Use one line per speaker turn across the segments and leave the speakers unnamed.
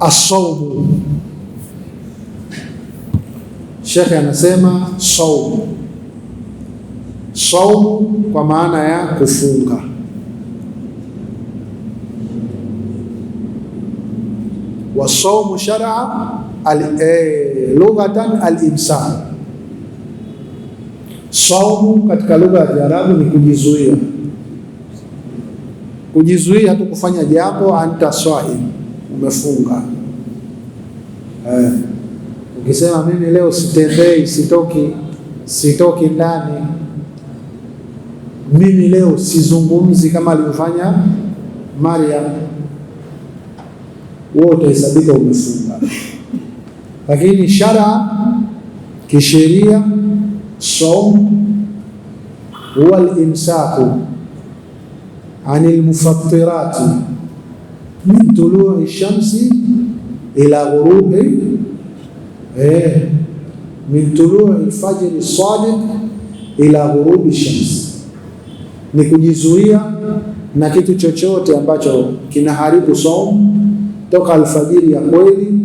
Asaumu, shekhe anasema saumu, saumu kwa maana ya kufunga. Wa sharaa shar'a al eh, lughatan al Saumu katika lugha ya Kiarabu ni kujizuia, kujizuia kufanya jambo, anta swaim umefunga eh. Ukisema mimi leo sitembei, sitoki, sitoki ndani, mimi leo sizungumzi kama alivyofanya Maryam, wewe utahesabika umefunga. Lakini shara kisheria, saum huwa alimsaku anil mufattirati min tuluu e shamsi ila e ghurubi eh, min tuluu e lfajri sadiq ila ghurubi shamsi, ni kujizuia na kitu chochote ambacho kinaharibu somu toka alfajiri ya kweli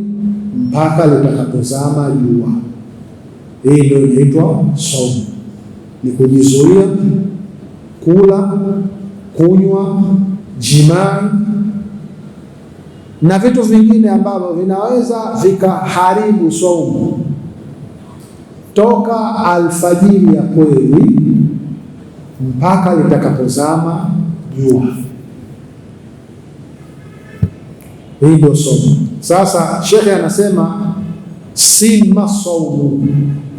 mpaka litakapozama jua. Hii ndio inaitwa somu ni kujizuia kula, kunywa, jimaa na vitu vingine ambavyo vinaweza vikaharibu saumu toka alfajiri ya kweli mpaka litakapozama jua. Hii ndio Sasa shekhe anasema sima saumu.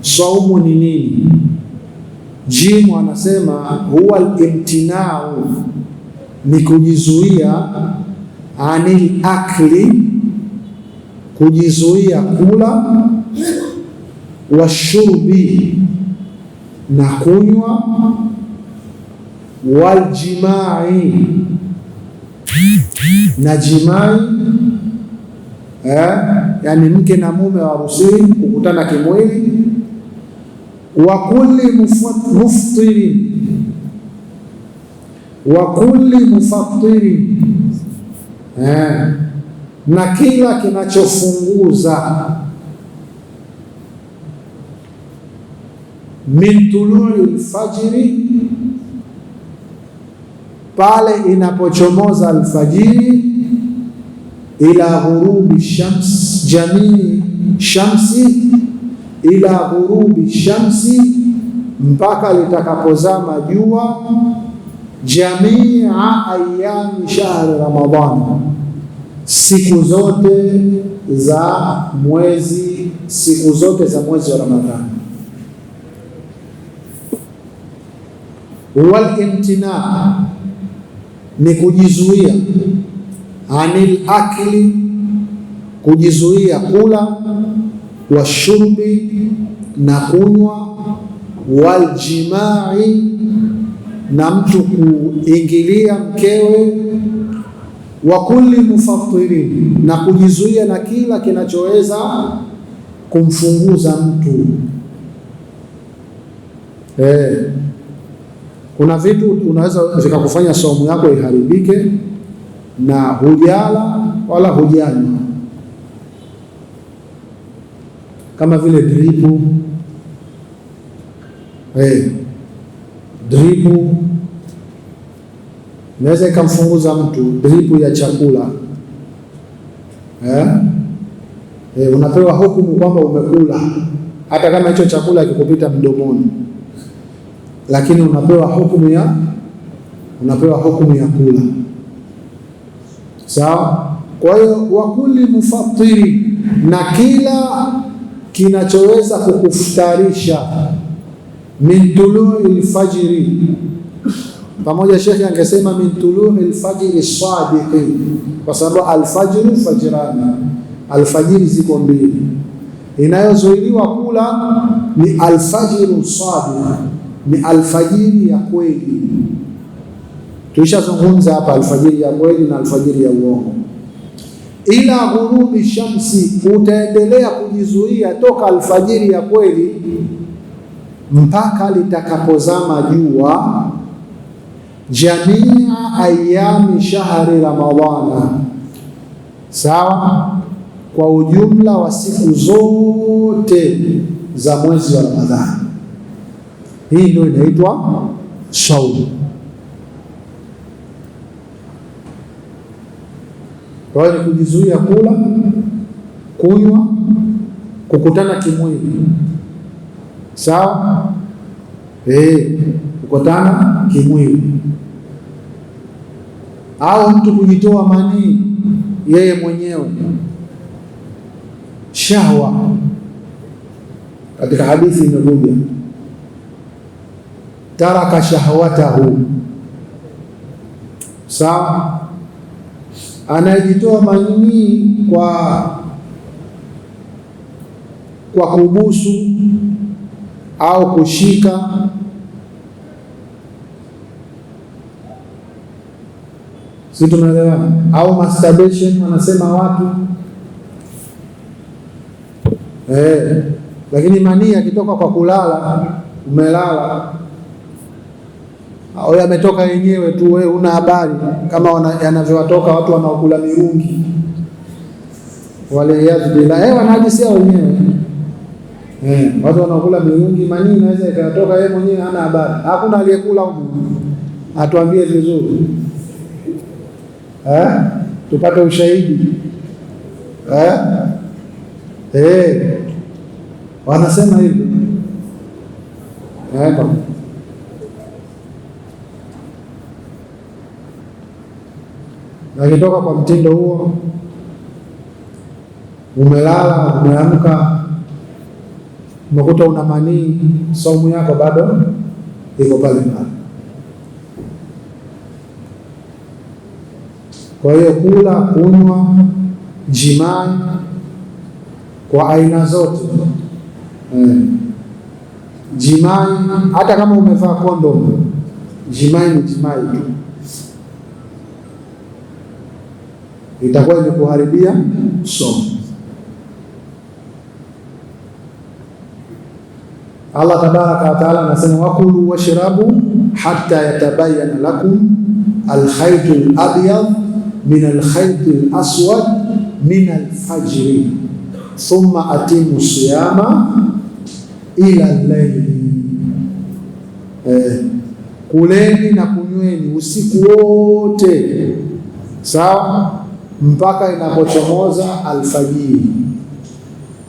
Saumu ni nini? Jimu anasema huwa limtinau, ni kujizuia anil akli, kujizuia kula, washurbi, na kunywa, waljimai, na jimai eh, yani mke na mume waruhusiwi kukutana kimwili, wa kulli muftirin, wa kulli mufattirin eh, na kila kinachofunguza min tului lfajiri, pale inapochomoza alfajiri, ila ghurubi shams jamii shamsi ila ghurubi shamsi, mpaka litakapozama jua jamia ayami shahri Ramadhani, siku zote za mwezi, siku zote za mwezi wa Ramadhani. Walimtina ni kujizuia, anil akli, kujizuia kula, washurbi na kunywa, waljimai na mtu kuingilia mkewe, wa kulli mufattirin, na kujizuia na kila kinachoweza kumfunguza mtu eh. Kuna vitu unaweza vikakufanya saumu yako iharibike, na hujala wala hujanywa, kama vile dripu eh dripu, inaweza ikamfunguza mtu dripu ya chakula eh? E, unapewa hukumu kwamba umekula hata kama hicho chakula kikupita mdomoni, lakini unapewa hukumu ya unapewa hukumu ya kula sawa. Kwa hiyo wakuli mufatiri, na kila kinachoweza kukufutarisha min tului lfajiri, pamoja shekhe angesema min tului lfajiri sadiqi, kwa sababu alfajiru fajirani, alfajiri ziko mbili. Inayozuiliwa kula ni alfajiru sadiq, ni alfajiri ya kweli. Tulishazungumza hapa alfajiri ya kweli na alfajiri ya uongo. Ila ghurubi shamsi, utaendelea kujizuia toka alfajiri ya kweli mpaka litakapozama jua jamia ayami shahri Ramadhana, sawa kwa ujumla wa siku zote za mwezi wa Ramadhani. Hii ndio inaitwa saumu. Kwa hiyo ni kujizuia kula, kunywa, kukutana kimwili sawa eh, kukutana kimwili au mtu kujitoa manii yeye mwenyewe, shahwa. Katika hadithi imekuja taraka shahwatahu, sawa. Anayejitoa manii kwa kwa kubusu au kushika si tunaelewana? Au masturbation wanasema watu eh, lakini manii akitoka kwa kulala, umelala au ah, yametoka yenyewe tu, wewe una habari kama yanavyowatoka watu wanaokula mirungi wale, waliyadhbila eh, wanajisia wenyewe Eh, watu wanakula miungi manii naweza ikatoka yeye mwenyewe hana habari. Hakuna aliyekula huko. Atuambie vizuri. Eh? Tupate ushahidi. Eh? Eh. Wanasema hivyo. Eh, Nakitoka kwa mtindo huo, umelala umeamka umekuta una manii, saumu yako bado iko pale pale. Kwa hiyo kula, kunywa, jimai kwa aina zote hmm. Jimai hata kama umevaa kondomu, jimai ni jimai tu, itakuwa imekuharibia somo. Allah tabaraka wa taala anasema wakulu washrabu hatta yatabayana lakum alkhaitu alabyad min alkhaiti laswad min alfajri thumma atimu siyama ila laili, eh, kuleni na kunyweni usiku wote sawa mpaka inapochomoza alfajiri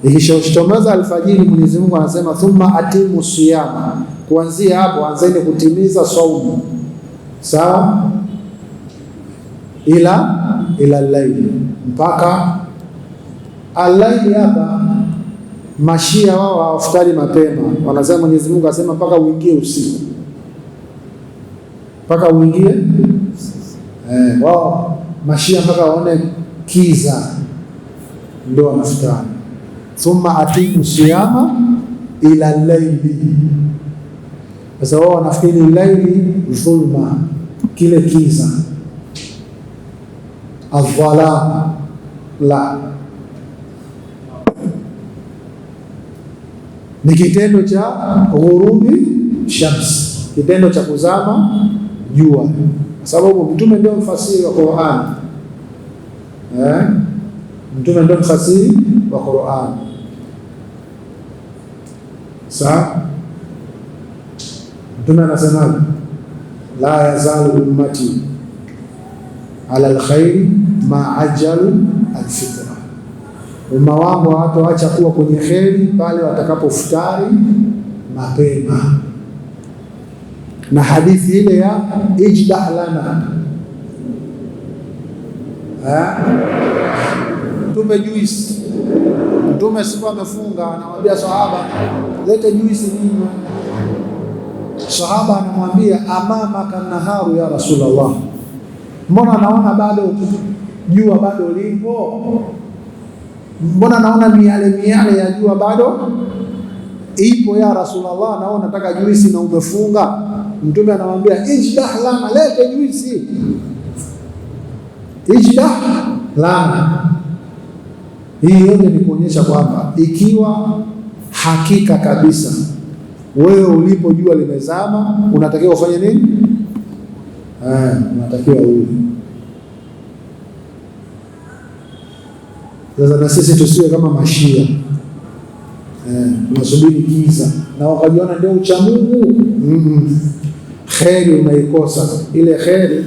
Ikishochomoza alfajiri, Mwenyezi Mungu anasema thumma atimu siyama, kuanzia hapo anzeni kutimiza saumu, sawa ila ila laili mpaka alaili. Hapa mashia wao hawafutari mapema, wanasema Mwenyezi Mungu asema mpaka uingie usiku, mpaka uingie eh, wao mashia mpaka waone kiza ndio wanafutari thumma atiku siyama ila laili. Sasa wao wanafikiri laili dhulma, kile kiza, adhalam la ni kitendo cha ghurubi shams, kitendo cha kuzama jua, kwa sababu Mtume ndio mfasiri wa Qur'an eh? Mtume ndio mfasiri wa Qur'an. Sawa? Mtume anasema la yazalu ummati ala alkhairi ma ajalu alfitra, umma wangu hawatoacha kuwa kwenye kheri pale watakapofutari mapema. Na hadithi ile ya ijdah lana tupe juisi. Mtume siku amefunga, anamwambia sahaba, lete juisi ninywe. Sahaba anamwambia amama kanaharu ya Rasulullah, mbona naona bado jua bado lipo, mbona naona miale miale ya jua bado ipo ya Rasulullah, naona nataka juisi na umefunga. Mtume anamwambia ijdah lana, lete juisi. Ijdah lana hii yote ni kuonyesha kwamba ikiwa hakika kabisa wewe ulipo jua limezama, unatakiwa ufanye nini? Ah, unatakiwa ule. Sasa na sisi tusiwe kama mashia eh, tunasubiri eh, kiza na wakajiona ndio uchamungu mm -mm. Kheri unaikosa ile kheri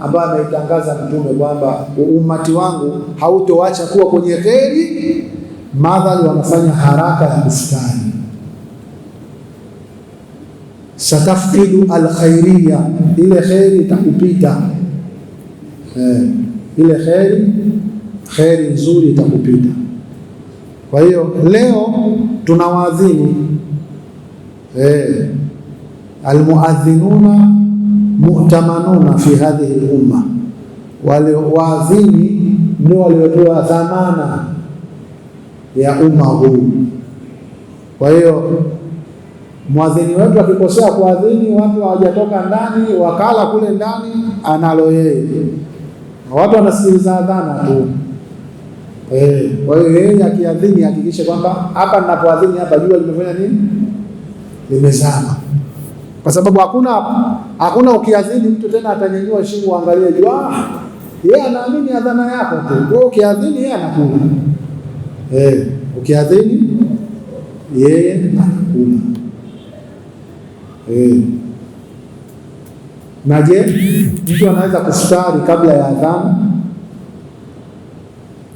ambayo ameitangaza Mtume kwamba umati wangu hautoacha kuwa kwenye kheri, madhali wanafanya haraka ya bustani. Satafkidu alkhairia, ile kheri itakupita eh, ile kheri kheri nzuri itakupita. Kwa hiyo leo tunawaadhini eh, almuadhinuna muhtamanuna fi hadhihi al-umma, wale waadhini ni waliopewa dhamana ya umma huu. Kwa hiyo mwadhini wetu akikosea kuadhini, watu hawajatoka ndani, wakala kule ndani, analo yeye. Watu wanasikiliza adhana tu. Eh, kwa hiyo yeye akiadhini hakikishe kwamba hapa ninapoadhini hapa jua limefanya nini, limezama kwa sababu hakuna hakuna, ukiadhini mtu tena atanyanyua shingo angalie jua, Yeye anaamini adhana yako tu, wewe ukiadhini yeye anakuna eh, ukiadhini yeye anakuna eh. Na je, mtu anaweza kustari kabla ya adhana?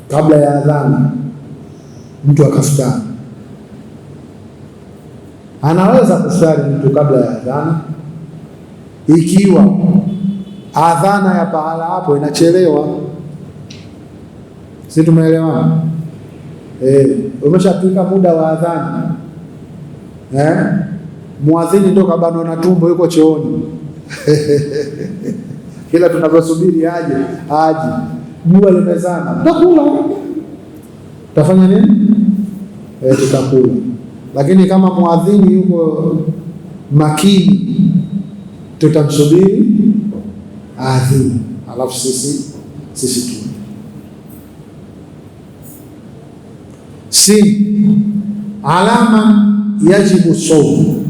Kabla ya adhana mtu akastari Anaweza kusali mtu kabla ya adhana, ikiwa adhana ya pahala hapo inachelewa. Si tumeelewana? Eh, umeshafika muda wa adhana eh? Mwadhini ndo kabano na tumbo yuko chooni kila tunavyosubiri aje aje, jua limezama, tutakula, tutafanya nini? Eh, tutakula lakini kama mwadhini yuko makini, tutamsubiri aadhini, alafu sisi sisi tu si alama yajibu saumu.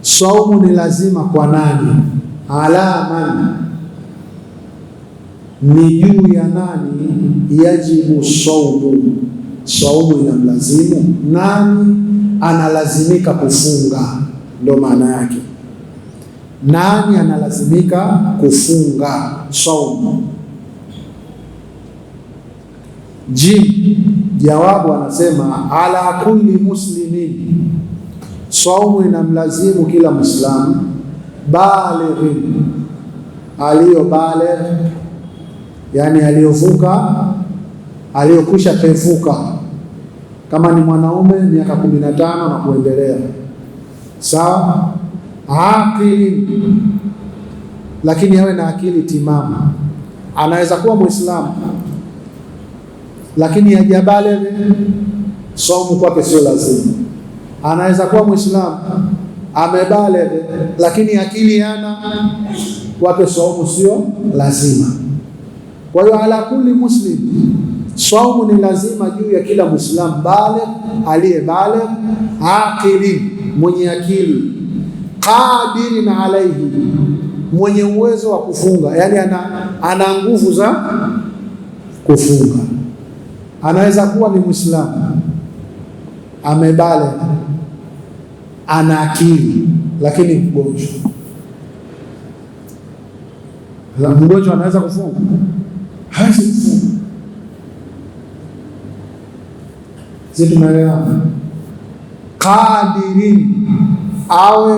Saumu ni lazima kwa nani? alama ni juu ya nani? Yajibu saumu swaumu inamlazimu nani? Analazimika kufunga, ndo maana yake. Nani analazimika kufunga swaumu? Ji jawabu anasema ala kulli muslimin, swaumu inamlazimu kila mwislamu balighin, aliyo baligh, yani aliyovuka, aliyokwisha pevuka kama ni mwanaume miaka kumi na tano na kuendelea, sawa akili, lakini awe na akili timamu. Anaweza kuwa Mwislamu lakini ajabale saumu kwake sio lazima. Anaweza kuwa Mwislamu amebale lakini akili hana, kwake saumu sio lazima. Kwa hiyo ala kulli muslim Swaumu ni lazima juu ya kila Muislamu bale aliye bale aqili, mwenye akili, qadirin alaihi, mwenye uwezo wa kufunga, yaani ana, ana nguvu za kufunga. Anaweza kuwa ni Muislamu amebale ana akili, lakini mgonjwa. Mgonjwa anaweza kufunga? Hawezi kufunga. si tumeelewa? Kadiri awe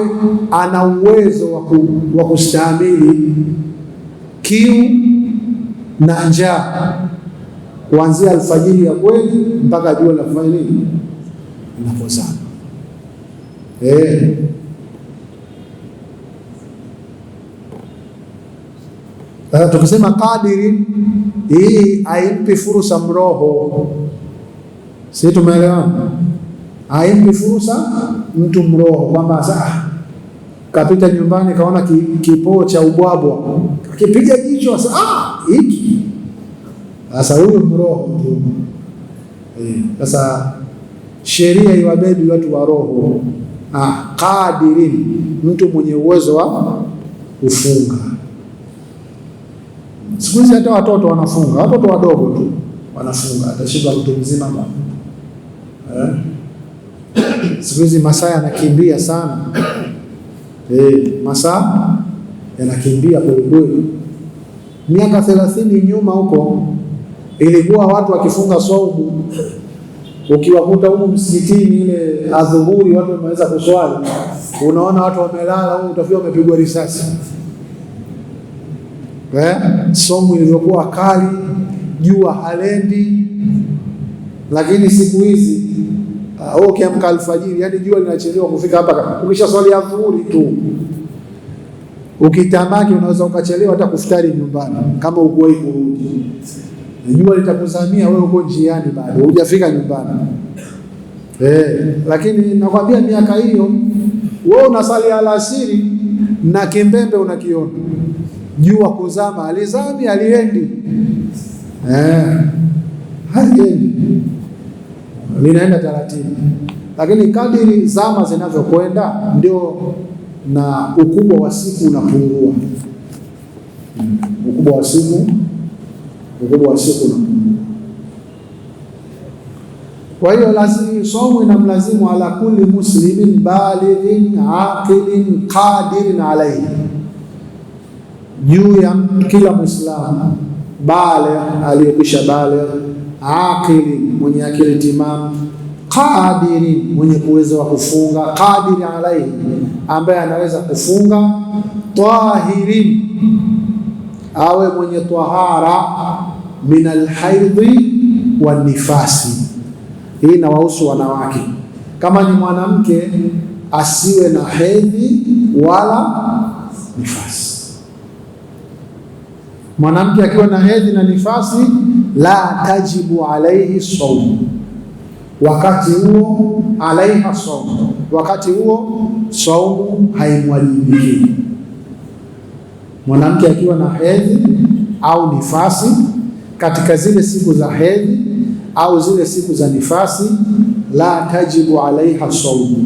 ana uwezo wa kustahimili kiu na njaa kuanzia alfajiri ya kweli mpaka jua linafanya nini, linapozama. Eh, eh tukisema hii haimpi fursa mroho Si tumeelewana? Haimpi fursa mtu mroho kwamba sasa ah, kapita nyumbani kaona ki, kipoo cha ubwabwa akipiga jicho sasa ah, hiki sasa, huyu mroho tu eh, sasa. Sheria iwabebi watu wa roho ah, qadirin, mtu mwenye uwezo wa kufunga. Siku hizi hata watoto wanafunga, watoto wadogo tu wanafunga, atashinda mtu mzima baba Eh? Siku hizi masaa yanakimbia sana e, masaa yanakimbia kwelikweli. Miaka thelathini nyuma huko ilikuwa watu wakifunga saumu, ukiwakuta huku msikitini ile adhuhuri watu wameweza kuswali, unaona watu wamelala huko, utafika wamepigwa risasi eh, somu ilivyokuwa kali, jua halendi lakini siku hizi uh, ukiamka alfajiri, yani jua linachelewa kufika hapa, ukisha swali ya dhuhuri tu ukitamani, unaweza ukachelewa hata kufutari nyumbani, kama ukuwahi kurudi, jua litakuzamia wewe, uko njiani, bado hujafika nyumbani. Eh, lakini nakwambia miaka hiyo wewe unasali alasiri na kimbembe unakiona, jua kuzama, alizami aliendi, eh, aliendi linaenda taratibu, lakini kadiri zama zinavyokwenda ndio na ukubwa wa siku unapungua, ukubwa wa siku, ukubwa wa siku unapungua. Kwa hiyo lazima somu inamlazimu ala kulli muslimin balighin aqilin qadirin alayhi, juu ya kila Muislamu bale aliyekwisha bale aqili, mwenye akili timamu, qadiri, mwenye uwezo wa kufunga, qadiri alaihi, ambaye anaweza kufunga, tahiri, awe mwenye tahara min alhaidhi wa nifasi. Hii inawahusu wanawake. Kama ni mwanamke asiwe na hedhi wala nifasi. Mwanamke akiwa na hedhi na nifasi la tajibu alaihi saumu, wakati huo alaiha saumu, wakati huo saumu haimwajibiki. Mwanamke akiwa na hedhi au nifasi katika zile siku za hedhi au zile siku za nifasi, la tajibu alaiha saumu,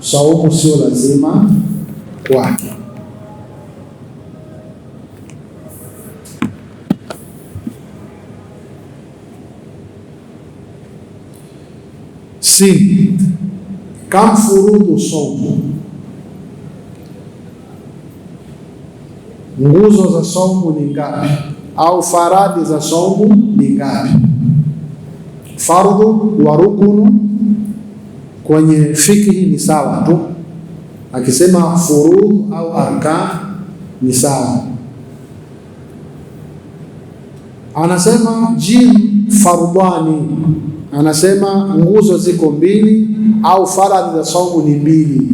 saumu sio lazima kwake. hamsini do saumu, nguzo za sombo ni ngapi? Au faradhi za sombo ni ngapi? Fardhu wa rukunu kwenye fikihi ni sawa tu, akisema furudhu au arkan ni sawa. Anasema jim fardhani Anasema nguzo ziko mbili au faradhi za saumu ni mbili.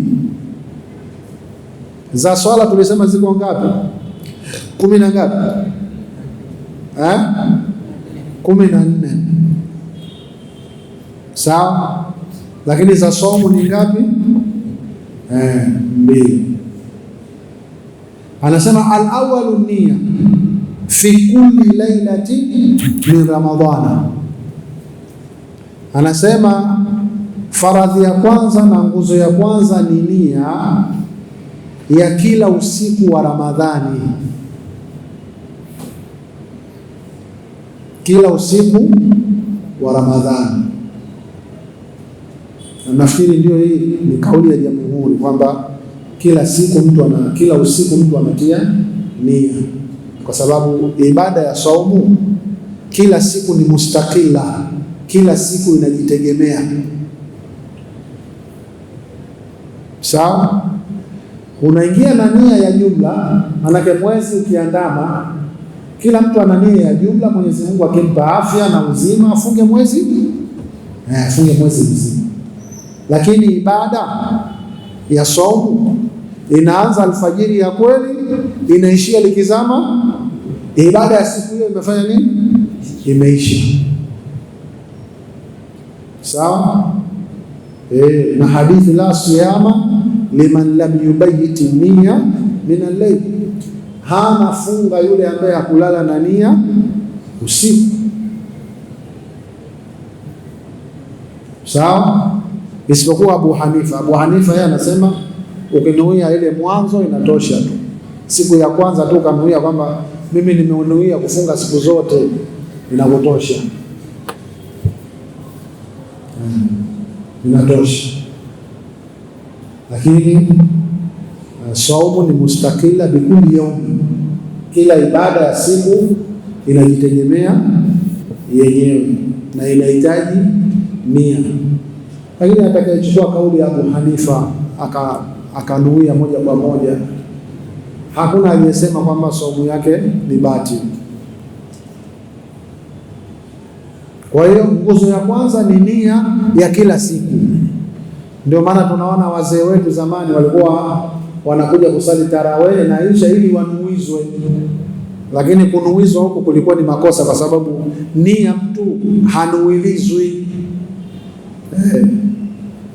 Za swala tulisema ziko ngapi? Kumi na ngapi? Eh? Kumi na nne. Sawa, lakini za saumu ni ngapi? Eh, mbili. Anasema al-awwalu fi kulli lailati min Ramadhana Anasema faradhi ya kwanza na nguzo ya kwanza ni nia ya kila usiku wa Ramadhani, kila usiku wa Ramadhani. Na nafikiri ndio hii ni kauli ya jamhuri kwamba kila siku mtu ana, kila usiku mtu anatia nia, kwa sababu ibada ya saumu kila siku ni mustakila kila siku inajitegemea. Sawa, unaingia na nia ya jumla, manake mwezi ukiandama, kila mtu ana nia ya jumla. Mwenyezi Mungu akimpa afya na uzima afunge mwezi eh, afunge mwezi mzima, lakini ibada ya saumu inaanza alfajiri ya kweli, inaishia likizama. Ibada ya siku hiyo imefanya nini? Imeisha sawa eh, na hadithi la siyama liman lam yubayit nia min al-layl, hana funga yule ambaye hakulala na nia usiku. Sawa, isipokuwa Abu Hanifa. Abu Hanifa yeye anasema ukinuia ile mwanzo inatosha tu, siku ya kwanza tu ukanuia kwamba mimi nimeunuia kufunga siku zote inakutosha. inatosha, lakini eh, saumu ni mustakila bikuli yaumi, kila ibada ya siku inajitegemea yenyewe na inahitaji nia. Lakini atakayechukua kauli ya Abu Hanifa akanuia aka moja kwa moja, hakuna aliyesema kwamba saumu yake ni batili. Kwa hiyo nguzo ya kwanza ni nia ya kila siku. Ndio maana tunaona wazee wetu zamani walikuwa wanakuja kusali tarawih na isha ili wanuizwe, lakini kunuizwa huku kulikuwa ni makosa, kwa sababu nia mtu hanuilizwi eh,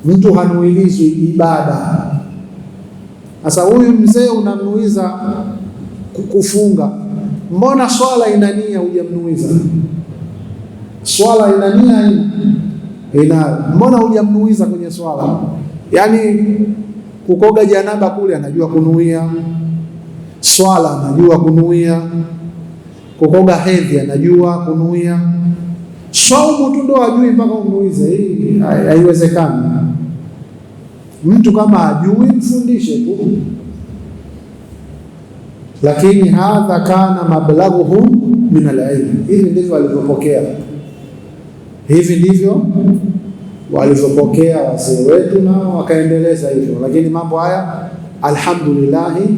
mtu hanuilizwi ibada. Sasa huyu mzee unamnuiza kufunga, mbona swala ina nia hujamnuiza? swala ina nia ina ina, mbona hujamnuiza kwenye swala? Yaani kukoga janaba kule anajua kunuia, swala anajua kunuia, kukoga hedhi anajua kunuia, saumu tu ndo ajui mpaka umnuize. Hii haiwezekani. Mtu kama ajui mfundishe tu, lakini hadha kana mablaghuhum min alilmi, hivi ndivyo alivyopokea Hivi ndivyo walivyopokea wazee wetu na wakaendeleza hivyo, lakini mambo haya alhamdulillahi,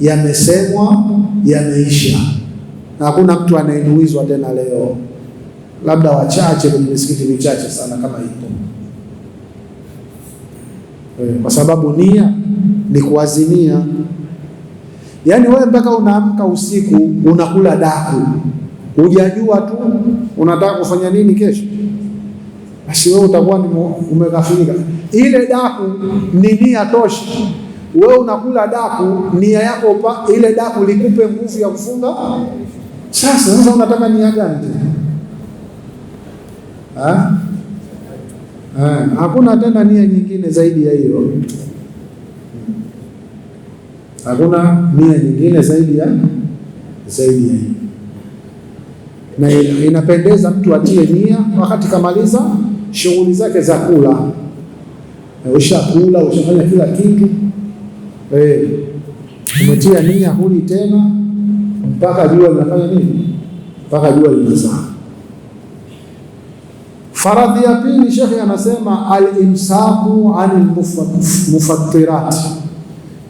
yamesemwa yameisha, na hakuna mtu anainuizwa tena leo, labda wachache kwenye misikiti michache sana kama ipo eh, kwa sababu nia ni kuazimia Yaani wewe mpaka unaamka usiku unakula daku hujajua tu unataka kufanya nini kesho, basi wewe utakuwa umekafirika. Ile daku ni nia tosha. Wewe unakula daku, nia yako pa, ile daku likupe nguvu ya kufunga. Sasa sasa unataka nia gani? Ha? Ha, hakuna tena nia nyingine zaidi ya hiyo, hakuna nia nyingine zaidi ya zaidi ya hiyo na inapendeza mtu atie nia wakati kamaliza shughuli zake za kula. Ushakula, ushafanya kila kitu e, umetia nia, huli tena mpaka jua linafanya nini? Mpaka jua linazama. Faradhi ya pili, shekhe anasema alimsaku ani mufattirati,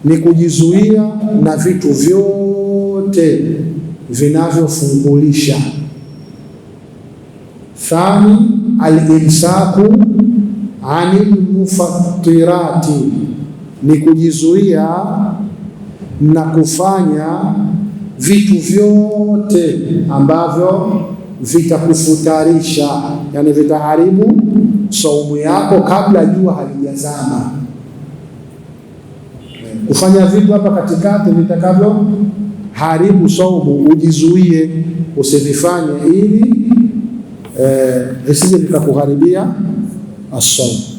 ni kujizuia na vitu vyote vinavyofungulisha Thani al-imsaku anil mufattirati, ni kujizuia na kufanya vitu vyote ambavyo vitakufutarisha, yani vitaharibu saumu yako kabla jua halijazama. Kufanya vitu hapa katikati vitakavyo haribu saumu, ujizuie usivifanye ili lisije eh, likakuharibia masomo.